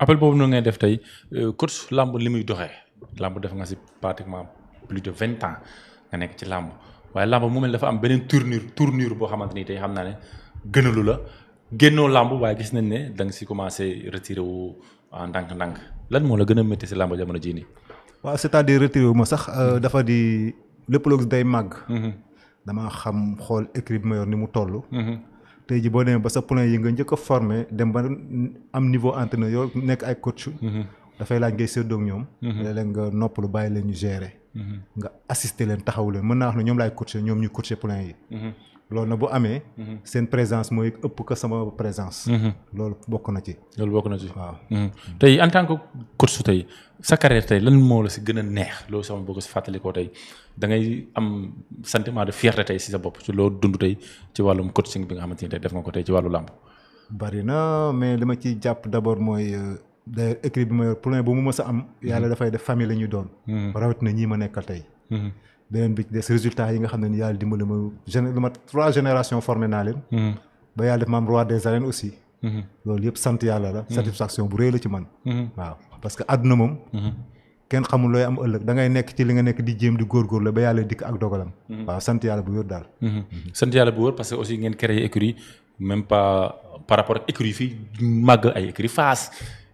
appel boobu noonu ngay def tey euh, coach làmb li muy doxee làmb def nga si pratiquement plus de vingt ans nga nekk ci làmb waaye làmb mu mel dafa am beneen tournure tournure boo xamante ni tey xam naa ne gënalu la génnoo làmb waaye gis nañ ne da nga si commencé retiré wu ndànk-ndànk lan moo la gën a métti si làmb jamono jii nii. waaw c'est-à-dire retiré wu ma sax euh, hmm. dafa di lépp loo gis day màgg. damaa xam xool équipe bi ma yor ni mu toll. tey ji boo demee ba sa poulain yi nga njëkk a formé dem ba am niveau entraîneur yoo nekk ay coach mhm. dafay laaj ngay séddoog ñoom mhm. léeg-léeg nga noppalu bàyyi leen ñu mhm. nga assister leen taxaw leen mën naa wax ne ñoom laay coacher ñoom ñu coacher poulain yi loolu na bu amee. Mhm. seen présence mooy ëpp ko sama présence. Mhm. loolu bokk na ci. loolu bokk na ci waaw. Mhm. tey en tant que coach su tey sa carrière tey lan moo la si gën a neex loolu sama bokk si fàttalikoo tey dangay am sentiment de fierté tey si sa bopp si loo dund tey ci wàllum coaching bi nga xamante ni tey def nga ko tey ci wàllu làmp bari na mais li ma ciy jàpp d'abord mooy euh, d'ailleurs écrit bi ma yor problème bu mu mës a am. yàlla dafay def famille la ñuy doon. rawat na ñii ma nekkal tey. beneen bi ci des résultats yi nga xam ne ni yàlla dimbali ma géné lu ma trois générations formé naa leen. Mm-hmm. ba yàlla def ma am roi des arènes aussi. Mm-hmm. loolu yëpp sant yàlla la. Mm-hmm. satisfaction bu rëy la ci man. waaw parce que àdduna moom. kenn xamul looy am ëllëg da nekk ci li nga nekk di jéem di góorgóor la ba yàlla dikk ak dogalam. waaw sant yàlla bu wër daal. sant yàlla bu wër parce que aussi ngeen créé écurie même pas par rapport ak écurie fii màgg ay écurie Fass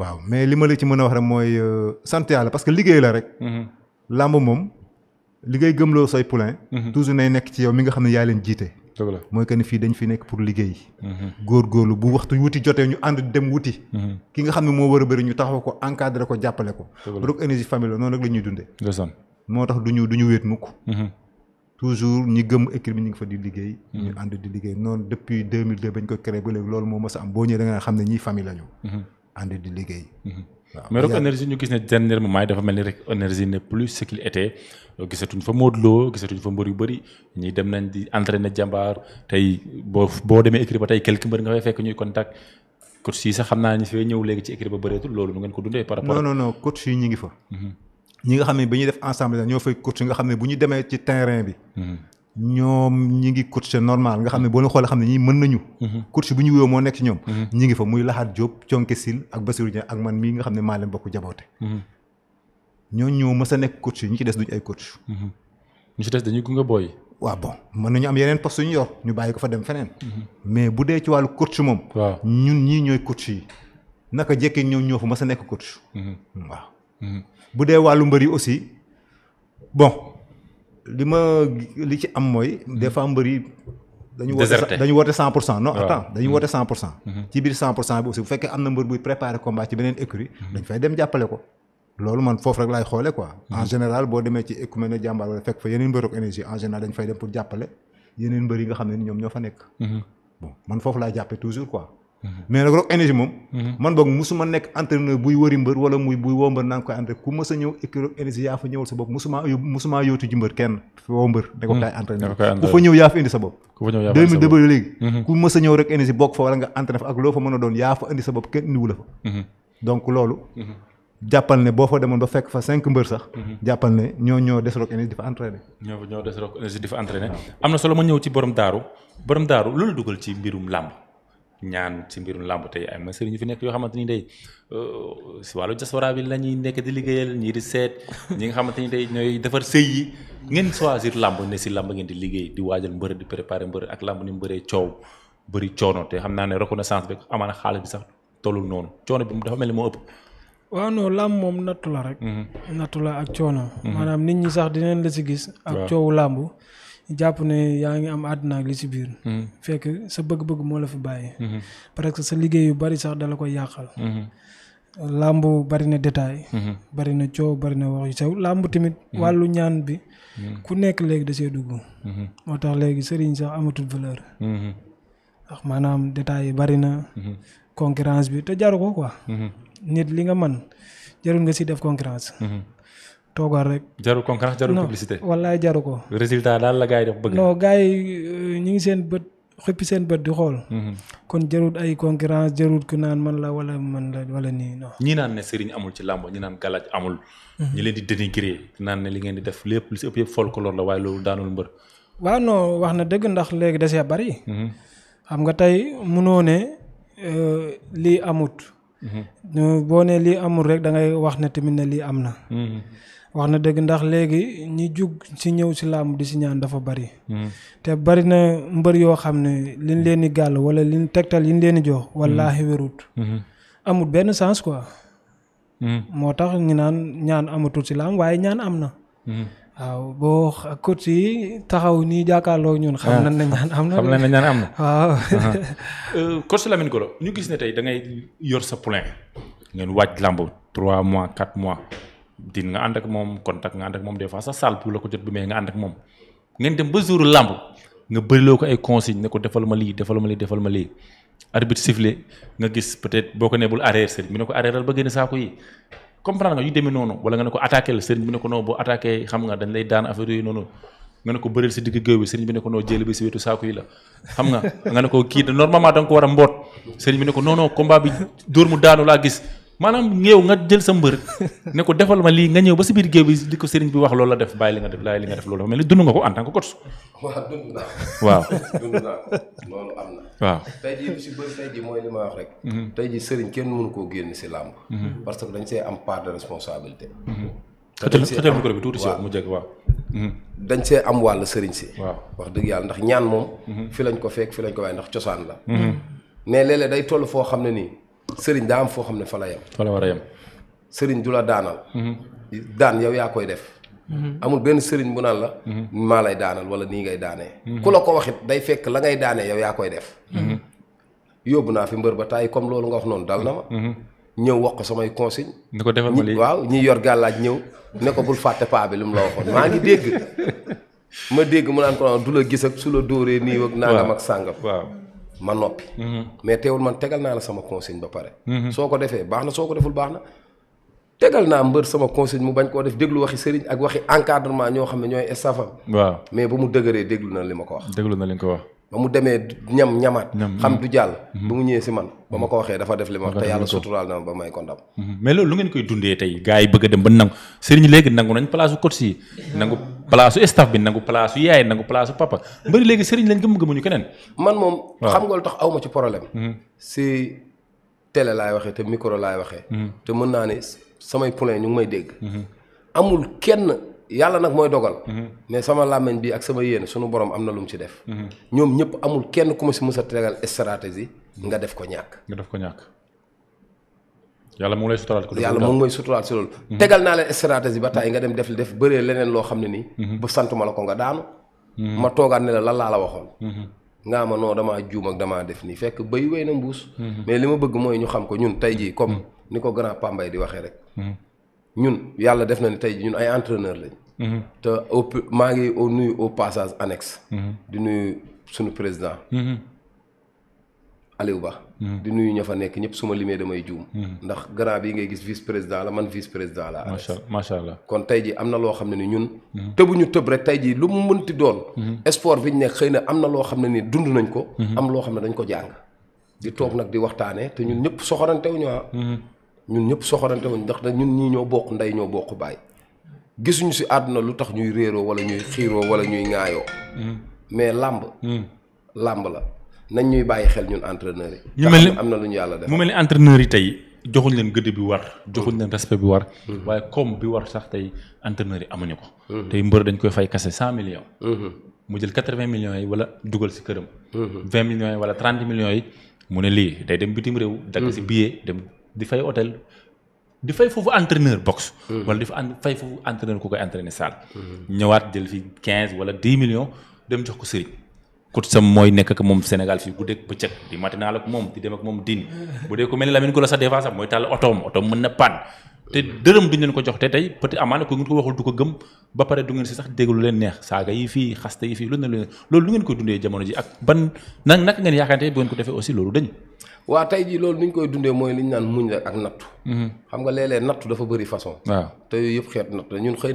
waaw mais li ma la ci mën a wax rek mooy euh, sant yàlla parce que liggéey la rek. Mm-hmm. làmb moom li ngay gëmloo say poulain. Mm-hmm. toujours nay nekk ci yow mi nga xam ne yaa leen jiite. mooy que ni fii dañ fi nekk pour liggéey. Mm-hmm. góorgóorlu bu waxtu wuti jotee ñu ànd dem wuti. ki nga xam ne moo war a bëri ñu taxaw ko encadré ko jàppale ko. dëgg énergie famille la la ñuy dundee. moo tax du ñu du ñu wéet mukk. toujours ñi gëm équipe bi ñu ngi fa di liggéey. ñu ànd di liggéey noonu bañ ko créé ba loolu moo mës a am boo ñëwee da xam ne ñii famille la ànd di liggéey. Mhm. waaw mais Rock Énergie ñu gis ne dernier moment dafa mel ni Rock Énergie ne plus ce qu'il était gisatuñ fa Modou Lo gisatuñ fa mbër yu bëri ñi dem nañ di entraîner jàmbaar tey boo boo demee écrit ba tey quelque mbër nga fay fekk ñuy contact coach yi sax xam naa ñu fee ñëw léegi ci écrit ba bëreetul loolu nu ngeen ko dundee. par rapport non non non coach yi ñu ngi fa. Mhm. ñi nga xam ne ba ñuy def ensemble ñoo fay coach yi nga xam ne bu ñu demee ci terrain bi. Mhm. ñoom ñi ngi coach normal nga xam ne boo leen xoolee xam ne ñi mën nañu mhm. coach bu ñu wuyoo moo nekk ci ñoom mhm. ñi ngi fa muy Laxaat Diop Conke Sil ak Basiru Dia ne maa leen mhm. ñoo ñoo mës a nekk coach yi ñu ci des duñ ay coach ñu ci des dañuy gunge booy waaw bon mën nañu am yeneen poste yu ñu yor ñu bàyyi ko fa dem feneen mais bu dee ci wàllu coach moom waaw ñun ñii ñooy coach yi naka jekkee ñoom ñoo fa mës a nekk coach waaw bu dee wàllu mbër yi aussi bon li ma li ci am mooy des fois mbër yi dañu woote dañu woote cent pour cent non attends dañu woote cent pour cent mhm. ci biir cent pour cent bi aussi bu fekkee am na mbër buy préparé combat ci beneen écurie mhm. dañ fay dem jàppale ko loolu man foofu rek laay xoole quoi mhm. en général boo demee ci écurie ne jàmbaar wala fekk fa yeneen mbër ak énergie en général dañ fay dem pour jàppale yeneen yi nga xam ne ni ñoom ñoo fa nekk bon man foofu laay jàppee toujours quoi mais nag Rock Énergie moom. man boog musuma nekk entraîneur buy wëri mbër wala muy buy woo mbër naan ko entraîné ku mës a ñëw écurie Rock Énergie yaa fa ñëwal sa musuma yób ji mbër kenn woo mbër. da hmm. ko kaay entraîneur bopp. ku fa ñëw yaa hmm. a ñëw Rock Énergie a sa bopp kenn indiwu la fa. Hmm. ne boo fa demoon ba fekk fa cinq mbër sax. jàppal ne ñoo ñoo des Rock Énergie di fa entraîné. ñoo ñoo solo ma ñëw ci borom daaru borom daaru loolu dugal ci mbirum làmb ñaan ci mbirum làmb tey ay ma ñu fi nekk yoo xamante ni euh, si wàllu diaspora bi la ñuy nekk di liggéeyal ñii di seet ñi nga xamante ni day ñooy defar ngeen choisir làmb ne si làmb ngeen di liggéey di waajal mbër di préparer mbër ak làmb ni mu bëree coow bëri coono te xam naa ne reconnaissance bi amaana xaalis bi sax tollul noonu coono bi dafa mel ni moo ëpp. waaw non làmb moom nattu la rek. Mhm. nattu la ak coono. Mhm. maanaam nit ñi sax dinañ la si gis. ak coowu làmb. jàpp ne yaa ngi am àdduna ak li ci biir. Hmm. fekk sa bëgg-bëgg moo la fi bàyyi. Hmm. parce que sa liggéey yu bari sax dala koy yàqal. Hmm. làmb bari na détail. bari na coow bari na wax sew làmb tamit. wàllu ñaan bi. ku nekk léegi da see dugg. moo tax léegi sëriñ sax amatul valeur. maanaam détail yi bari na. concurrence bi te jaru ko quoi. nit li nga man jarul nga ci def concurrence. toogal rek. jarul concurrence jarul publicité. wallaay jaru ko. résultat daal la gars yi def bëgg. Euh, ñu ngi seen bët xëppi seen bët di xool. Mhm. kon jarul ay concurrence jarul ku naan man la wala man la wala nii non. ñi naan ne seriñ amul ci làmb ñi naan galaj amul. Mhm. ñi leen di dénigré naan ne li ngeen di def lépp lu si ëpp yëpp folklore la waaye loolu daanul mbër. waaw non wax na dëgg ndax léegi da see bari. Mhm. xam nga tey munoo ne euh, lii amut. boo ne lii amul rek dangay wax ne tamit ne lii am na. wax na dégg ndax léegi ñi jug si ñëw si làmb di si ñaan dafa bari. Hmm. te bari na mbër yoo xam ne liñ leen di gàll wala liñ tegtal yiñ leen di jox. Hmm. wallaahi wérut. Hmm. amul benn sens quoi. moo tax ñu naan ñaan amatul si làmb waaye ñaan am na. waaw boo coach yi taxaw nii jàkkaarloo ñun. xam ah. nañ ne am na xam nañ am na. waaw. Uh-huh. Euh, coach Lamine Golo ñu gis ne tey da ngay yor sa poulain. ngeen waaj làmb 3 mois 4 mois. din nga ànd ak moom contact nga ànd ak moom des fois sa salle pour la ko jot bu mais nga ànd ak moom ngeen dem ba jour làmb nga bëriloo ko ay consigne ne ko defal ma lii defal ma lii defal ma nga gis peut boo ko nee bul sëriñ bi ne ko arrièreal ba génn saako yi xam nga dañ lay daan affaire yooyu noonu nga ne ko bëril si digg géew sëriñ bi ne ko noo jël bi si wetu saako yi la xam nga nga ne ko kii normalement da ko war a mboot sëriñ bi ne ko non maanaam yow nga jël sa mbër ne ko defal ma lii nga ñëw ba si biir géew bi li ko sëriñ bi wax loolu la def bàyyi li nga def bàyyi li def loolu dafa dund nga ko en tant que coach. dund naa ko. am mooy li ma wax rek. Mm-hmm. tey jii sëriñ kenn mënu koo génn si làmb. Mm-hmm. parce que dañ see am part de responsabilité. xëccal mm-hmm. xëccal micro bi tuuti si dañ see am wàll sëriñ si. waaw wax dëgg yàlla ndax ñaan moom. fi lañ ko fekk fi lañ ko waaye ndax cosaan la. mais léeg day toll foo xam ne nii sëriñ daa am foo xam ne fa la yem. fa a yem. sëriñ du la daanal. Mhm. daan yow yaa koy def. Mhm. amul benn sëriñ bu naan la. Mhm. maa lay daanal wala nii ngay daanee. ku la ko waxit day fekk la ngay daanee yow yaa koy def. yóbbu naa fi mbër ba tàyyi comme loolu nga wax noonu dal na ma. ñëw wax ko samay consigne ko defal ma lii waaw ñi yor gàllaaj ñëw ne ko bul fàtte paa bi lu mu la waxoon maa ngi dégg. ma dégg mu naan ko du la gis ak su la dóoree nii ak. waaw nangam ak sàngam. ma noppi. Mhm. mais teewul man tegal naa la sama consigne ba pare. Mhm. soo ko defee baax na soo ko deful baax na. tegal naa mbër sama conseil mu bañ koo def déglu waxi sëriñ ak waxi encadrement ñoo xam ne ñooy estafam. waaw mais ba mu dëgëree déglu na li ma ko wax. déglu na li nga ko wax. ba mu demee ñam ñamaat. xam du jàll. Mhm. ba mu ñëwee si man ba ma ko waxee dafa def li ma wax te yàlla suturaal na ba may ko ndam. mais loolu lu ngeen koy dundee tey gars yi bëgg a dem ba nangu sëriñ léegi nangu nañ place su place su bi nangu place su yaay nangu place su papa mbëri léegi sëriñ lañ gëm gëmuñu keneen. man moom. xam nga lu tax awma ci problème. Mhm. si télé laay waxee te micro laay waxee. Mhm. te mën naa ne samay poulain ñu may dégg. Mhm. amul kenn yàlla nag mooy dogal. mais sama làmmiñ bi ak sama yéene sunu borom am na lu mu ci def. ñoom ñëpp amul kenn ku ma si mës a tegal stratégie nga def ko ñàkk. nga def ko ñàkk. yàlla moom lay suturaat ko yàlla moom mooy suturaat si loolu mhm. tegal naa leen stratégie ba tàyyi nga dem def def bëree leneen loo xam ne nii mhm. ba sant ma la ko nga daanu mhm. ma toogaat ne la lan laa la waxoon ngaa ma non damaa juum ak damaa def nii fekk bay wéy na mbuus mais li ma bëgg mooy ñu xam ko ñun tey ji comme ni ko grand Pambay di waxee rek ñun yàlla def na ni tey jii ñun ay entraîneur lañ te au maa ngi au nuyu au passage annexe di nuyu suñu président Aliou Ba Hmm. di nuyu ña fa nekk ñëpp suma limee damay juum. Hmm. ndax grand bi ngay gis vice président la man vice président la. macha macha allah kon tey jii am na loo xam ne ni ñun. Hmm. tëbuñu tëb rek tey jii lu mu mënti doon. sport bi ñu nekk xëy na am na loo xam ne ni dund nañ ko. am loo xam ne dañ ko jàng. di toog nag di waxtaanee te ñun ñëpp soxorantewuñu ah. ñun ñëpp soxorantewuñu ndax ñun ñii ñoo bokk ndey ñoo bokk baay. gisuñu si àdduna lu tax ñuy réeroo wala ñuy xiiroo wala ñuy ŋaayoo. mais làmb. la. nañ ñuy bàyyi xel ñun entraîneurs yi. mel ni am na ñu yàlla def mu mel ni entraîneurs yi tey joxuñ leen gëdd bi war. joxuñ leen respect bi war. Mhm. waaye comme bi war sax tey entraîneurs yi amuñu ko. Mhm. tey mbër dañ koy fay kase cent millions. Mhm. mu jël quatre vingt millions yi wala dugal si këram. vingt million yi wala trente millions yi mu ne lii day dem bitim réew. dagg si billet dem di fay hôtel. di fay foofu entraîneur boxe. wala di fa fay foofu entraîneur ku koy entraîner salle. ñëwaat jël fi quinze wala dix millions dem jox ko sëriñ. coach sam mooy nekk ak moom Sénégal fii bu dégg bëccëg di matinal ak moom di dem ak moom din bu dee ku mel ni Lamine Golo sax na pan te dërëm duñ leen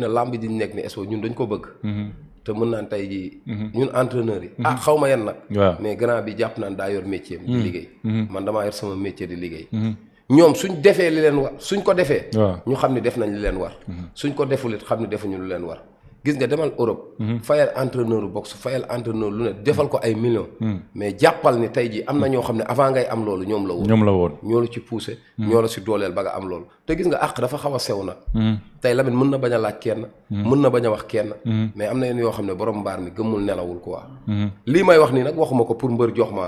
na làmb ji ñu nekk ni eso ñun dañ ko bëgg mm-hmm. te mën naan tey jii. Mhm. ñun entraîneur yi. Mhm. ah xaw ma yan nag. waaw mais grand bi jàpp naan daa yor métier di mhm. liggéey. man damaa yor sama métier di liggéey. ñoom suñ defee li leen war suñ ko defee. ñu xam ne def nañ leen war. suñ ko defulit xam ne defuñu lu leen war. gis nga demal Europe. Mhm. fayal entraîneur boxe fayal entraîneur lu ne defal ko ay millions. Mhm. mais jàppal ni tey jii am na ñoo xam ne avant ngay am loolu ñoom la woon. ñoom la woon ñoo la ci poussé. Mhm. ñoo la si dooleel ba nga am loolu. te gis nga àq dafa xaw a sew na tey Lamine mën na bañ a laaj kenn. mën na bañ a wax kenn. mais am na yenn yoo xam ne borom mbaar mi gëmmul nelawul quoi. lii may wax nii nag waxuma ko pour mbër jox ma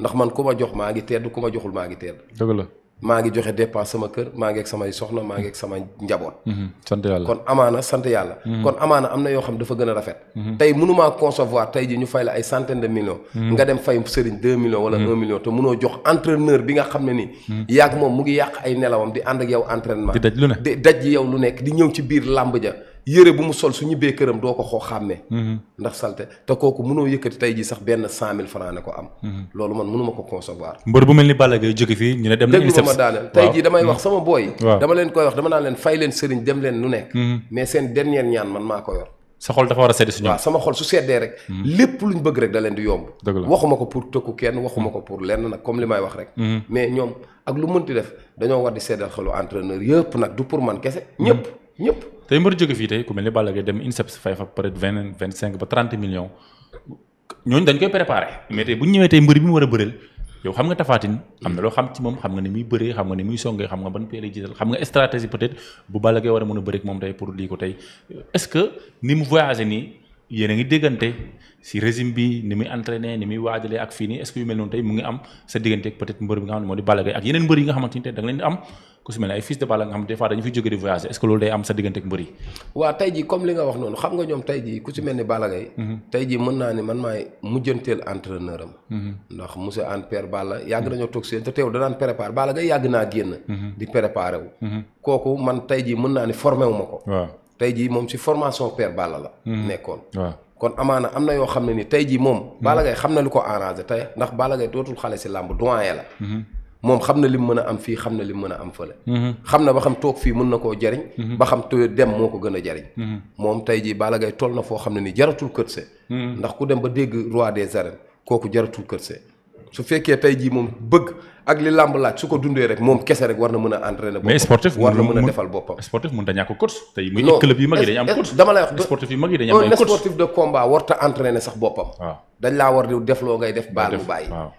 ndax man ku ma jox maa ngi tedd ku ma joxul maa ngi tedd. dëgg la maa ngi joxe dépense sama kër maa ngi ak samay soxna maa ngi ak sama njaboot. Mhm, sant yàlla kon amaana sant yàlla. Mhm. kon amaana am na yoo xam dafa gën a rafet. Mhm. tey mënuma concevoir tey ji ñu fay la ay centaine de millions. nga dem fay sëriñ deux millions wala un million te mënoo jox entreneur bi nga xam ne ni yàgg moom mu ngi yàq ay nelawam di ànd ak yow entraînement. di daj lu ne di daj yow lu nekk di ñëw ci biir làmb ja. yére bu mu sol su ñibbee këram doo ko xoo xàmmee mhm. ndax salte te kooku mënoo yëkkati tey jii sax benn cent mille franc ne ko am mhm. loolu man mënuma ko concevoir mbër bu mel ni Balla Gaye jóge fii ñu ne dem nañu ma daaneel tey ji damay wax mhm. sama booy dama leen koy wax dama naan leen fay leen sëriñ dem leen nu nekk mais seen dernière ñaan man maa ko yor sa xol dafa war a sedd su ñoom waaw sama xol su seddee rek lépp luñ bëgg rek da leen di yomb waxuma ko pour tëkku kenn waxuma ko pour lenn nag comme li may wax rek mais ñoom ak lu mënti def dañoo war di seddal xelu entraîneur yëpp du pour man kese ñëpp ñëpp tey mbër jóge fii tey ku mel ni Balla Gaye dem INSEP fay fa peut être vingt vingt cinq ba trente millions ñooñu dañ koy préparé mais tey bu ñëwee tey mbër bi mu war a bëreel yow xam nga tafaatin am na loo xam ci moom xam nga ni muy bëree xam nga ni muy songee xam nga ban pee lay jiital xam nga stratégie peut bu Balla Gaye war a mën a bëreek moom tey pour lii ko tey est ce que ni mu voyagé nii yéen a ngi déggante si régime bi ni muy entraîné ni muy waajalee ak fii nii est-ce que yu mel noonu tey mu ngi am sa diggante ak peut mbër bi nga xam ne moo di Balla ak yeneen mbër yi nga xam nga ñoom tey jii ku si mel ni Balla mhm. tey jii mën naa ne man maay mujjanteel entraîneur am mhm. ndax monsieur Anne Père Balla yàgg yàgg naa génn mhm. di préparé wu naa ne formé ma ko waaw tey jii moom si formation père Balla la. Mhm. nekkoon waaw. kon amaana am na yoo xam ne ni tey jii moom. Balla Gaye xam na li ko arrangé tey ndax Balla Gaye dootul xale si làmb doyen la. Mhm. moom xam na lim mën a am fii xam na lim mën a am fële. Mhm. xam na ba xam toog fii mën na koo jariñ. ba xam te dem moo ko gën a jariñ. moom tey jii Balla Gaye toll na foo xam ne ni jaratul kërse. ndax ku dem ba dégg roi des arènes kooku jaratul kërse. su fekkee tey jii moom bëgg ak li làmb laaj su ko dundee rek moom kese rek war na mën a entraîner. mais sportif war na mën a defal boppam. sportif mënut a ñàkk coach. tey muy baal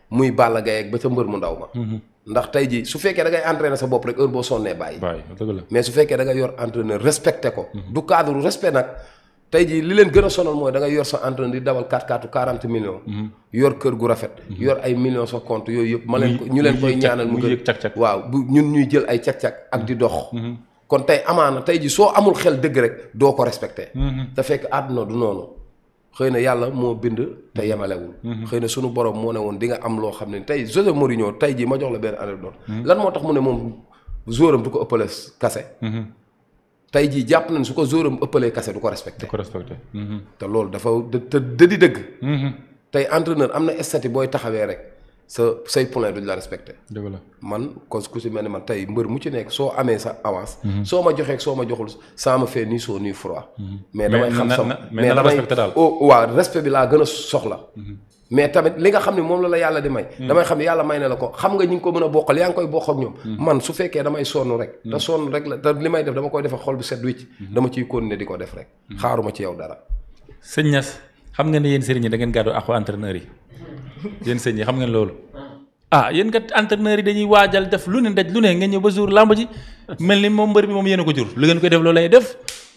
mu bàyyi. ba ca mbër mu ndaw ma. Mhm. ndax tey jii su fekkee da ngay entraîner sa bopp rek heure boo sonnee bàyyi. mais su fekkee da yor entraîneur respecté ko. Mhm. du cadre respect nag tey jii li leen gën a sonal mooy dangay yor sa entraîneur di dawal 4 4 40 millions. Mhm. yor kër gu rafet. Mhm. yor ay millions sa compte yooyu yëpp. ma leen ko ñu leen koy ñaanal mu gën waaw bu ñun ñuy jël ay cag-cag ak di dox. Mhm. kon tey amaana tey jii soo amul xel dëgg rek doo ko respecté. te fekk àdduna du noonu. xëy na yàlla moo bind te yemalewul. xëy na sunu borom moo ne woon di nga am loo xam ne tey José Mourinho tey jii ma jox la benn anecdote. lan moo tax mu ne moom joueuram du ko ëppale kase. tey jii jàpp nañ su ko zóoram ëppalee kase du ko respecté. ko respecté. Mhm. te loolu dafa te di dëgg. Mhm. tey entraîneur am na statut booy taxawee rek sa say point duñ la respecté. dëgg la man kon ku si mel ni man tey mbër mu ci nekk soo amee sa avance. Mhm. soo ma joxee soo ma joxul saa ma fait ni chaud ni froid. mais damay xam sama mais damay respecté daal. waaw respect bi laa gën a soxla. mais tamit li nga xam ne moom la la yàlla di may. Hmm. damay xam ne yàlla may na la ko xam nga ñi ngi ko mën a bokkal yaa ngi koy bokk ak ñoom. Hmm. man su fekkee damay sonn rek. te hmm. sonn rek li may def dama koy def xol bu set wicc dama ciy continuer di ko def rek. xaaruma ci yow dara. sëñ Niass xam nga ne yéen sëriñ yi da ngeen gàddu ak entraîneur yi yéen sëñ yi xam ngeen loolu. ah yéen kat entraîneur yi dañuy waajal def lu ne daj lu ne nga ñëw ba jour làmb ji mel ni moom mbër bi moom yéen ko jur lu ngeen koy def loolu lay def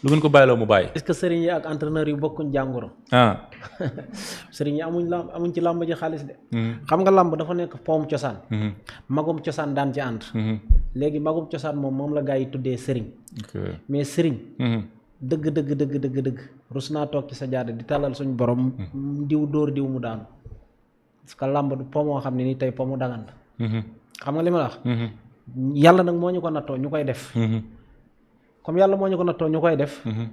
lu ngeen ko bàyyiloo mu bàyyi. est-ce que sëriñ yi ak entraîneur yi bokkuñ jàngoro. Ah. sëriñ yi amuñ làmb amuñ ci làmb ji xaalis de. Mm-hmm. xam nga làmb dafa nekk poom cosaan. Mm-hmm. magum cosaan daan ci ànd. Mm-hmm. léegi magum cosaan moom moom la gaa yi tuddee sëriñ. mais sëriñ. dëgg dëgg dëgg dëgg dëgg rus naa toog ci sa jaada di tàllal suñu borom. diw dóor diw mu daanu. parce que làmb du pomo xam ne nii tey pomu dagan la. xam nga li ma la yàlla nag moo ñu ko nattoo ñu koy def. comme yàlla moo ñu ko nattoo ñu koy def. Mhm.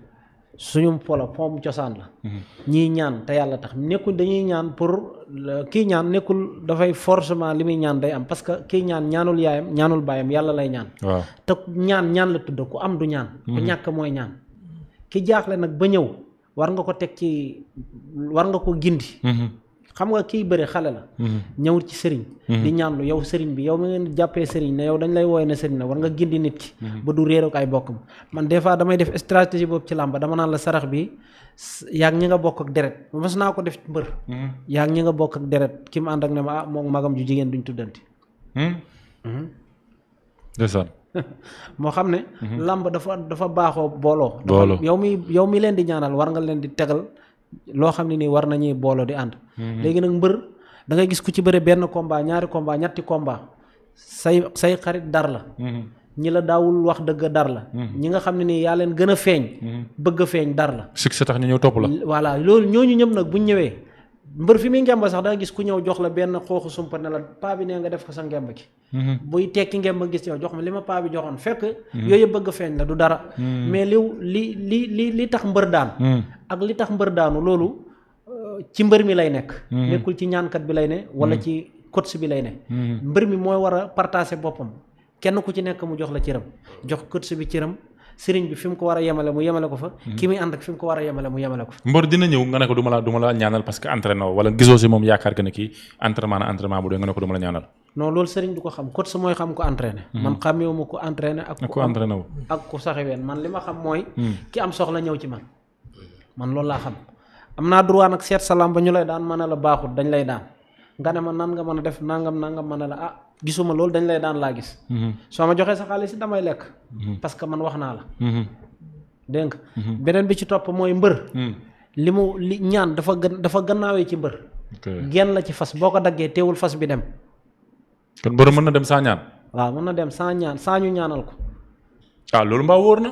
suñu polo poom cosaan la. Mhm. ñiy ñaan te yàlla tax nekkul dañuy ñaan pour kii ñaan nekkul dafay forcement li muy ñaan day am parce que kii ñaan ñaanul yaayam ñaanul baayam yàlla lay ñaan. waaw te ñaan ñaan la tudd ku am du ñaan. ku mhm. ñàkk mooy ñaan. ki jaaxle nag ba ñëw war nga ko teg ci war nga ko gindi. xam nga kiy bëre xale la mm-hmm. ñëwul ci sëriñ mm-hmm. di ñaanlu yow sëriñ bi yow mi ngeen jàppee sëriñ ne yow dañ lay wooye ne sëriñ la war nga gindi nit ki mm-hmm. ba du réer ak ay bokk man des fois damay def stratégie boobu ci làmb dama naan la sarax bi yaag ñi nga bokk ak deret mas naa ko def ci mbër yaag ñi nga bokk ak deret ki mu ànd ak ne ma ah moom magam ju jigéen duñ tuddanti moo xam ne làmb dafa dafa baaxoo booloo yow mi yow mi leen di ñaanal war nga leen di tegal loo xam ne nii war nañuy booloo di ànd. Mhm. léegi nag mbër da ngay gis ku ci bëre benn combat ñaari komba ñetti komba say say xarit dar la. Mhm. ñi la daawul wax dëgg dar la. Mhm. ñi nga xam ne nii yaa leen gën a feeñ. bëgg a feeñ dar la. succès tax ñu ñëw topp la. voilà loolu ñooñu ñëpp nag buñ ñëwee. mbër fi muy ngemb sax da gis ku ñëw jox la benn xooxu sumpa ne la paa bi nee nga def ko sa ngemb ki mhm. buy tekki ngemb gis ñëw jox ma li ma paa bi joxoon fekk mhm. yooyu bëgg feeñ la du dara mhm. mais liw li li li li tax mbër daan ak li tax mbër daanu loolu euh, ci mbër mi lay nekk nekkul ci ñaankat bi lay ne wala ci coach bi lay ne mbër mi mooy war a partager boppam kenn ku ci nekk mu jox la cëram jox coach bi cëram sëriñ bi fi mu ko war a yemale mu yemale ko fa hmm. ki muy ànd ak fi mu ko war a yemale mu yemale ko fa mbër dina ñëw nga ne ko du ma la ñaanal parce que entraîné wala gisoo si moom yaakaar que ne na entraînement bu dee nga ne ko du la ñaanal non loolu sëriñ hmm. ak ku saxeween man li ma xam mooy hmm. ki am soxla ñëw ci man man loolu laa xam am naa droit nag seet salaam ba ñu lay daan mën a la baaxut dañ lay daan nga ne ma nan nga mën a def nangam nangam mën a la ah gisuma loolu dañ lay daan laa gis. Mhm. soo ma joxee sa xaalis damay lekk. Mhm. parce que man wax naa la. Mhm. dégg beneen bi ci topp mooy mbër. li mu li ñaan dafa gën dafa gannaawee ci mbër. genn la ci fas boo ko daggee teewul fas bi dem. kon mbër mën na dem saa ñaan. waaw mën na dem saa ñaan saa ñu ñaanal ko. ah loolu mbaa wóor na.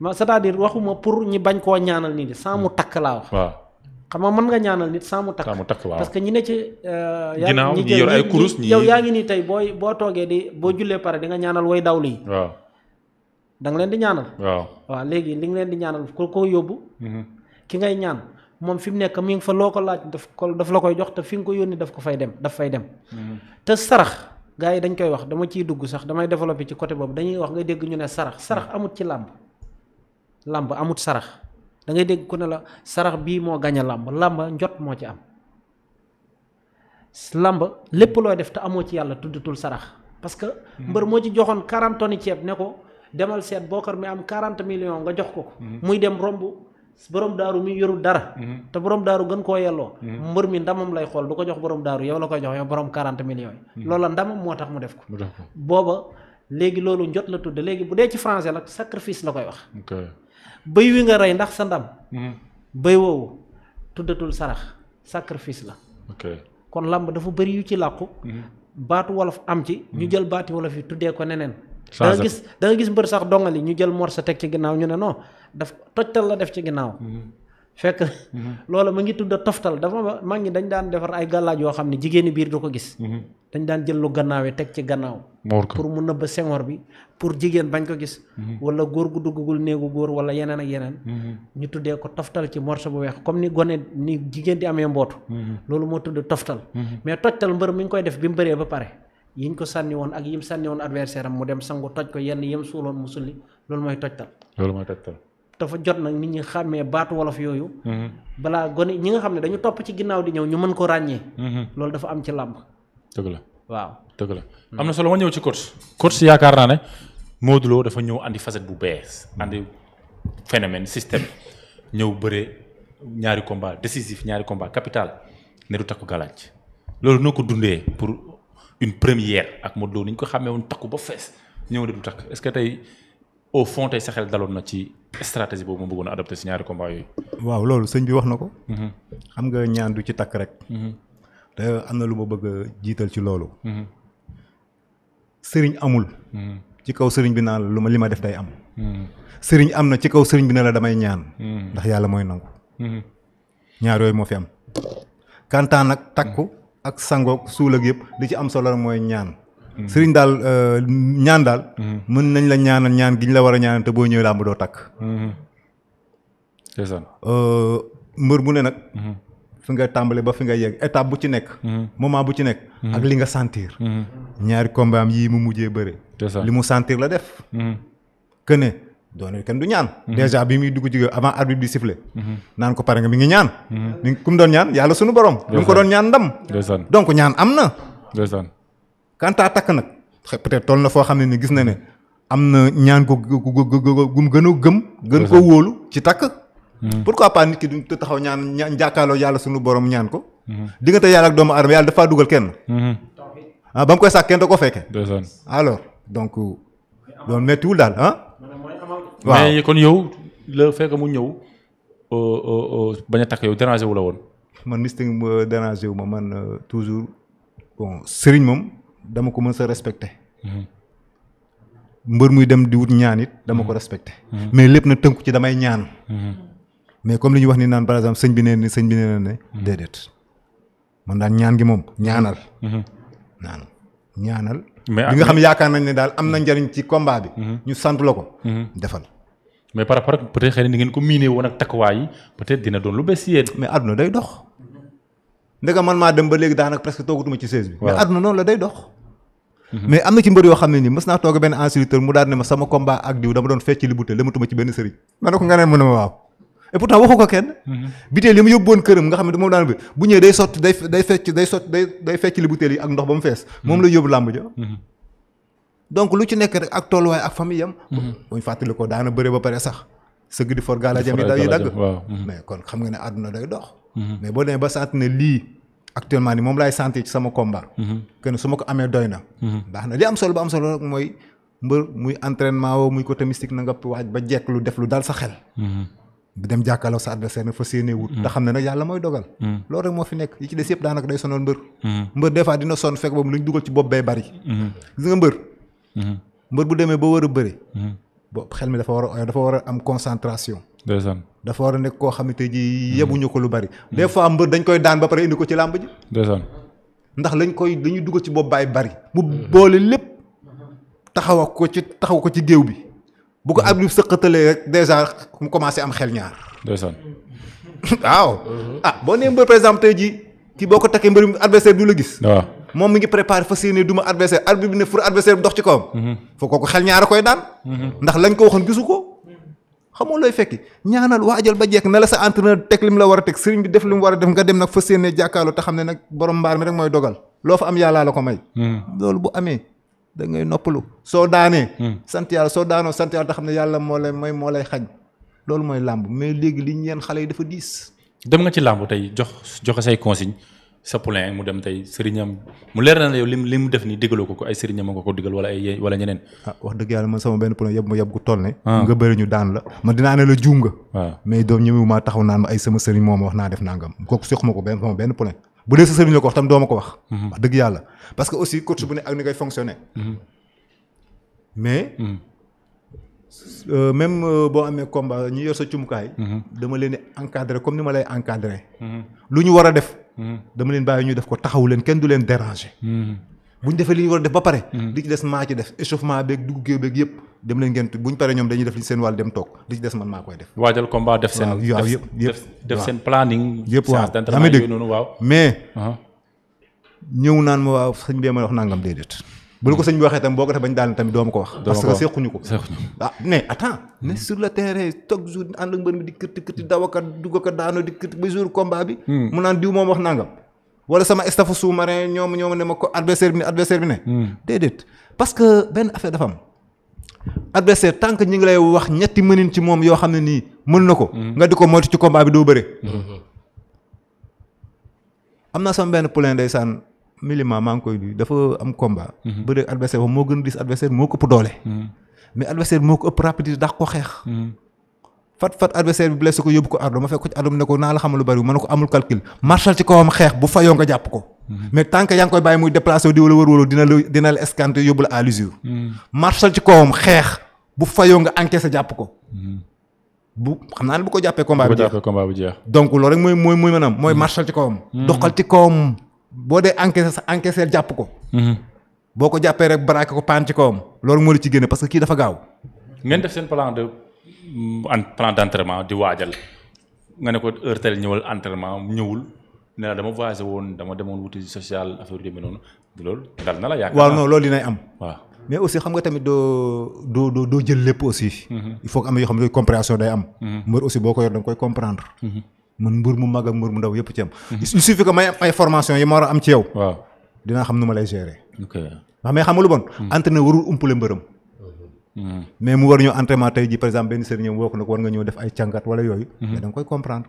ma c'est-à-dire waxuma pour ñi bañ koo ñaanal nii de saa mu takk laa wax. xam nga mën nga ñaanal nit sans mu takk. mu takk waaw parce que ñi ne ci. Euh, ginnaaw ay yow yaa ngi nii tey booy boo toogee di boo jullee pare di nga ñaanal way dawlu yi. waaw leen di ñaanal. waaw léegi li nga leen di ñaanal ko koo yóbbu. Mm-hmm. ki ngay ñaan moom fi mu nekk mi ngi fa loo ko laaj daf ko daf la koy jox te fi nga ko yónni daf ko fay dem daf fay dem. Mm-hmm. te sarax gaa yi dañ koy wax dama ciy dugg sax damay développé ci côté boobu dañuy wax nga dégg ñu ne sarax. sarax amut ci làmb làmb amut sarax. da ngay dégg ku ne la sarax bii moo gañ a làmb làmb njot moo ci am làmb lépp looy def te amoo ci yàlla tuddatul sarax parce que mhm. mbër moo ci joxoon 40 tonnes ceeb ne ko demal seet bookar mi am 40 million nga jox ko ko mhm. muy dem romb borom daaru muy yorul dara mhm. te borom daaru gën koo yelloo mbër mi ndamam lay xool du ko jox borom daaru yow la koy jox yow borom 40 million yi loola ndamam moo tax mu def ko booba léegi loolu njot la tudd léegi bu dee ci français la sacrifice la koy wax bëy wi nga rey ndax sa ndam. Mhm. bëy woowu tuddatul sarax sacrifice la. kon làmb dafa bëri yu ci làqu. Mhm. baatu wolof am ci. ñu mhm. jël baati wolof yi tuddee ko neneen. da gis da gis mbër sax dongali ñu jël sa teg ci ginnaaw ñu ne noo daf tojtal la def ci ginnaaw. fekk mhm. loola ma ngi tudd toftal dafa mag ñi dañ daan defar ay gàllaaj yoo xam ne jigéeni biir du ko gis mhm. dañ daan jël lu gannaawee teg ci gannaaw pour mu nëbb sengoor bi pour jigéen bañ ko gis mhm. wala góor gu duggagul néegu góor wala yeneen ak yeneen ñu tuddee ko toftal ci morso bu weex comme ni gone ni jigéen di amee mbootu loolu moo tudd toftal mais tojtal mbër mi ngi koy def bi mu bëree ba pare yi ñu ko sànni woon ak yi mu sànni woon adversaire am mu dem sangu toj ko yenn yim suuloon mu loolu mooy tojtal loolu mooy tojtal dafa jot nag nit ñi xàmmee baatu wolof yooyu. Mhm. balaa gone ñi nga xam ne dañu topp ci ginnaaw di ñëw ñu mën ko ràññee. Mhm. loolu dafa am ci làmb. dëgg la waaw dëgg la. am na solo ma ñëw ci coach. coach yaakaar naa ne Modou Lo dafa ñëw andi facette bu bees andi phénomène système ñëw bëre ñaari combat décisif ñaari combat capital ne du takku galaaj loolu noo ko dundee pour une première ak Modou Lo ni ñu ko xàmmee woon takku ba fees ñëw ne du takk est au fond tey sa xel daloon na ci stratégie boobu ma bëggoon a adopté si ñaari combat yooyu. waaw loolu sëñ bi wax na ko. Mhm. xam nga ñaan du ci takk rek. Mhm. te am na lu ma bëgg a jiital ci loolu. Mhm. sëriñ amul. ci kaw sëriñ bi naan lu ma def day am. am na ci kaw sëriñ bi ne la damay ñaan. ndax yàlla mooy nangu. ñaar yooyu moo fi am. kantaan nag takku ak sangoog suul ak yëpp li ci am solo mooy ñaan. Mm-hmm. sëriñ daal euh, ñaan daal. Mm-hmm. mën nañ la ñaanal ñaan gi ñu la war a ñaanal te boo ñëwee làmb doo takk. c'est mm-hmm. ça. Euh, mbër bu ne nag. fi nga tàmbalee ba fi nga yegg étape bu ci nekk. moment bu ci nekk. ak li nga sentir. ñaari combat am yii mu mujjee bëre. li mu sentir la def. que ne doone kenn du ñaan. déjà bi muy dugg jigéen avant arbitre bi sifflé. naan ko pare nga mi ngi ñaan. mi doon ñaan yàlla sunu borom. lu mu ko doon ñaan ndam. donc ñaan am na. quant à takk nag peut-être toll na foo xam ne ni gis na ne am na ñaan ko gum gën a gëm. gën ko wóolu ci takk. Hmm. pourquoi pas nit ki duñ taxaw ñaan ñaan jàkkaarloo yàlla suñu borom ñaan ko. Hmm. diggante yàlla ak doomu aadama yàlla dafa dugal kenn. Hmm. ah ba mu koy sàkk kenn da ko fekke alors donc loolu méttiwul daal ah. waaw mais kon yow la fekk mu ñëw euh, euh, euh, bañ a takk yow dérangé la woon. man mystique dérangé ma man toujours bon sëriñ moom. dama ko mën sa respecté. Mhm. mbër muy dem di wut ñaan it dama ko mhm. respecté. Mhm. mais lépp na tënku ci damay ñaan. mais comme li ñu wax ni naan par exemple sëñ bi neen na sëñ bi nee na ne. déedéet man daan ñaan gi moom ñaanal. naan ñaanal. mais li nga xam yaakaar nañ ne daal am na njariñ ci combat bi. ñu sant la ko. defal. mais par rapport ak peut être xëy na ni ngeen ko miinee woon ak takkuwaay yi peut être dina doon lu bees yéen. mais àdduna day dox. ndega man maa dem ba léegi daanaka presque toogatuma ci seize bi. mais Mhm. mais am na ci mbër yoo xam ne nii mës naa toog benn instructeur mu daal ne ma sama combat ak diw dama doon fecc li butéel dematuma ci benn sëriñ mhm. butéel yi mu nga xam ne moom daan bi bu ñëwee day sotti day day fecc day sotti day mhm. lu ci nekk rek ak tolluwaay ak famille am buñ fàttali ko daana bëre ba pare sax sëgg di for gaalaajam yi dagg mais kon xam nga ne àdduna day dox mais boo demee ba sant ne lii actuellement ni moom laay sentir ci sama combat. Mhm. que su ma ko amee doy na. Mhm. baax na li am solo ba am solo rek mooy mbër muy entraînement woo muy côté mystique na nga waaj ba jekk lu def lu dal sa xel. bi mhm. dem jàkkaarloo sa adversaire na fa séenee wut. te xam ne nag yàlla mooy dogal. loolu rek moo fi nekk yi ci des yëpp daanaka day sonal mbër. mbër des fois dina sonn fekk boobu lu ñu dugal ci bopp bay bari. gis nga mbër. mbër bu demee ba war a bëri. boobu xel mi dafa war a dafa war a am concentration. ndeysaan dafa war a nekk koo xamante ji yebuñu ko lu bari. Mm. des fois mbër dañ koy daan ba pare indi ko ci làmb ji. ndeysaan ndax lañ koy dañuy dugg ci bopp baay bari. mu boole lépp taxaw ko ci taxaw ko ci géew bi. bu ko mm. abli sëqatalee rek dèjà mu commencé am xel ñaar. ndeysaan waaw. Mm-hmm. ah boo nee mbër par exemple tey jii kii boo ko takkee mbër adversaire du la gis. moom mi ngi préparé fas yéene duma adversaire arbitre bi ne fur adversaire bi dox ci kawam. Mhm. foo ko xel ñaara koy daan. Mhm. ndax lañ ko waxoon gisu ko. xamoo looy fekki ñaanal waajal ba jekk na la sa entraîneur teg lim la war a teg sëriñ bi def lim war a def nga dem nag fas yéene jàkkaarloo te xam ne nag borom mbaar mi rek mooy dogal loo fa am yàllaa la ko may. Mhm. loolu bu amee da ngay noppalu. soo daanee. sant soo daanoo sant yàlla te xam ne yàlla moo lay may moo lay xaj loolu mooy làmb mais léegi li ñu xale yi dafa diis. dem nga ci làmb tey jox joxe say consigne sa poulain mu dem tey sëriñam mu leer na yow li mu def nii digaloo ko ko ay sëriñam a nga ko digal wala ay wala ñeneen ah wax dëgg yàlla man sama benn poulain yab ma yab gu toll ne ah. nga bëri ñu daan la man dinaa ne la juum ah. ma ay sama naa def nangam kooku ko benn sama benn poulain la ko wax tam dooma ko wax mhm. mhm. mais mhm. Euh, même euh, boo amee combat ñu yor sa cumukaay dama leen di encadrer comme ni ma lay encadrer lu ñu war a def dama leen bàyyi ñu def ko taxawu leen kenn du leen déranger. bu ñu defee li ñu war a def ba pare. Hmm. li ci des maa ci def échauffement beeg dugub géew beeg yëpp dem leen ngeen bu ñu paree ñoom dañuy def li seen wàll dem toog li ci des man maa koy def. waajal combat def seen. waaw yëpp yëpp def seen planning. yëpp waaw yaa ngi dégg mais. Uh-huh. ñëw naan ma waaw sëñ bi ma wax nangam déedéet. bu la ko sëñ bi waxee tam boo ko def bañ daal tamit doo ma ko wax. parce que ko ah mais attends sur le terrain toog jour ànd ak mbër mi di kërti kërti dawaka dugaka daano di kërti ba jour combat bi. Hmm. mu naan diw moom wax nangam. wala sama staff sous-marin ñoom ñoom ne ma ko adversaire bi ne adversaire bi ne. Hmm. déedéet parce que benn affaire dafa am. adversaire tant que ñi ngi lay wax ñetti mënin ci moom yoo xam ne nii mën na ko. Hmm. nga di ko moytu ci combat bi doo bëre. am naa sama benn poulain ndeysaan Milima maa ngi koy nuyu dafa am combat. Mhm. bëre adversaire boobu moo gën a diis adversaire moo ko ëpp doole. Mhm. mais adversaire moo ko ëpp rapidité dax ko xeex. Mhm. fat fat adversaire bi blessé ko yóbbu ko ardo ma fekk ko ci ma ne yaa ngi koy bàyyi muy déplacé di wala wër-wër dina la dina la escanté yóbbu la ci kawam xeex bu fayoo nga encaissé jàpp ko. bu xam naa ne bu ko jàppee combat bi jeex donc loolu rek mooy mooy mooy maanaam mooy marchal ci boo dee encaissé encaissé jàpp ko. Mhm. boo ko jàppee rek braqué ko paan ci kawam. loolu moo la ci génne parce que kii dafa gaaw. ngeen def seen plan de en plan di waajal nga ne ko heure telle ñëwal entraînement ñëwul ne la dama voyagé woon dama demoon wuti social affaire yu demee noonu loolu dal na la yaakaar waaw non loolu dinay am. mais aussi xam nga tamit doo doo doo doo jël lépp aussi. Mhm. il faut que am yoo xam ne day am. Mhm. mbër aussi boo ko koy comprendre. man mbër mu mag ak mbër mu ndaw yëpp ci am. Mhm. il suffit que may am formation yi ma war a am ci yow. waaw dinaa xam nu ma lay gérer. ok ndax mais xam nga lu bon. Mhm. entraîneur warul umpale mbërëm. Mhm. mais mu war ñëw entraînement tey ji par exemple benn sëriñam woo ko nag war nga ñëw def ay càngat wala yooyu. mais da koy comprendre.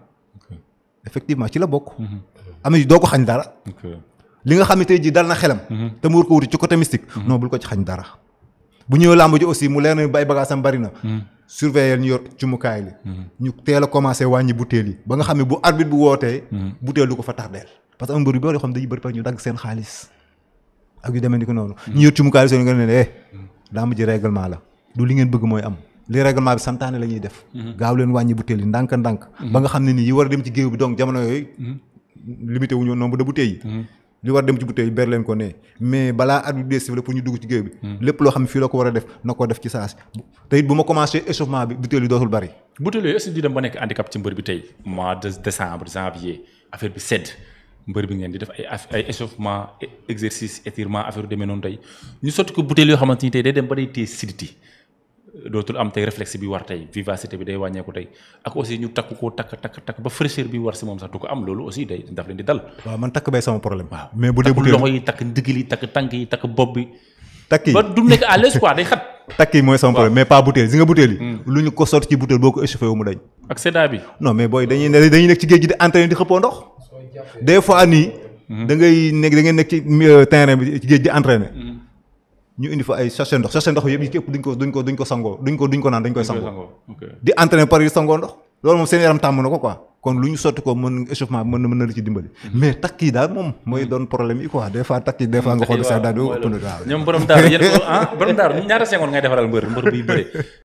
effectivement ci la bokk. am doo ko xañ dara. li nga xam tey jii dal na xelam. te mu war ko wuti ci côté mystique. non bul ko xañ dara. surveiller ñu yor cumukaay li mhm. ñu teel a wàññi butéel yi ba nga xam ne bu arbitre bu wootee mhm. butéel du ko fa tardeel parce que am mbër yu bari yoo xam dañuy bëri pare ñu dagg seen xaalis ak yu demee ni ko noonu mhm. ñu yor cumukaay li seen nga ne eh daa mujj règlement la du li ngeen bëgg mooy am li règlement bi santaane la ñuy def gaaw leen wàññi butéel yi ndànk ndànk ba nga xam ne nii yi war a dem ci géew bi donc jamono yooyu limité wuñu noonu bu da butéel yi li war dem ci bouteille ber leen ko ne mais balaa at bi dee sif la pour ñu dugg ci géew bi. Hmm. lépp loo xam ne fii la ko war a def na ko def ci saasi. te it bu ma commencé échauffement bi bouteille yi dootul bari. bouteille yooyu est-ce que di dem ba nekk handicap tey mois de décembre janvier affaire bi sedd mbër bi ngeen di def ay ay échauffement e-, exercice étirement affaire yu demee noonu tey ñu sotti ko bouteille yoo xamante ni tey day dem ba day téye siditi dootul am tey réflexe bi war tey vivacité bi day wàññeeku tey ak aussi ñu takk koo takk takk ba fraîcheur bi war si moom sax du ko am loolu aussi daf leen di dal. waaw man takk bay sama problème. mais bu nekk à l'aise day xat. takk mooy sama problème mais pas butéel si nga butéel yi. Hmm. lu ñu ko sotti ci butéel boo ko échauffé mu dañ. ak sedda bi. non mais booy dañuy ne dañuy nekk ci géej di entraîné di xëppoo ndox. des fois nii. Hmm. da nekk da nekk ci euh, terrain ñu indi fa ay sachet ndox sachet ndox yëpp yi képp duñ ko duñ ko sangoo duñ ko duñ ko naan dañ koy sangoo di entraîné par sangoo ndox loolu moom seen yaram tàmm na ko kon lu ñu sotti ko mën échauffement mën na mën na la ci dimbali mhm. mais takk daal moom mooy mhm. doon problème yi quoi des fois takk yi nga xool sax daal di ëpp na waaw ñoom ah, ñaata sengoon ngay defaral mbër mbër buy bëri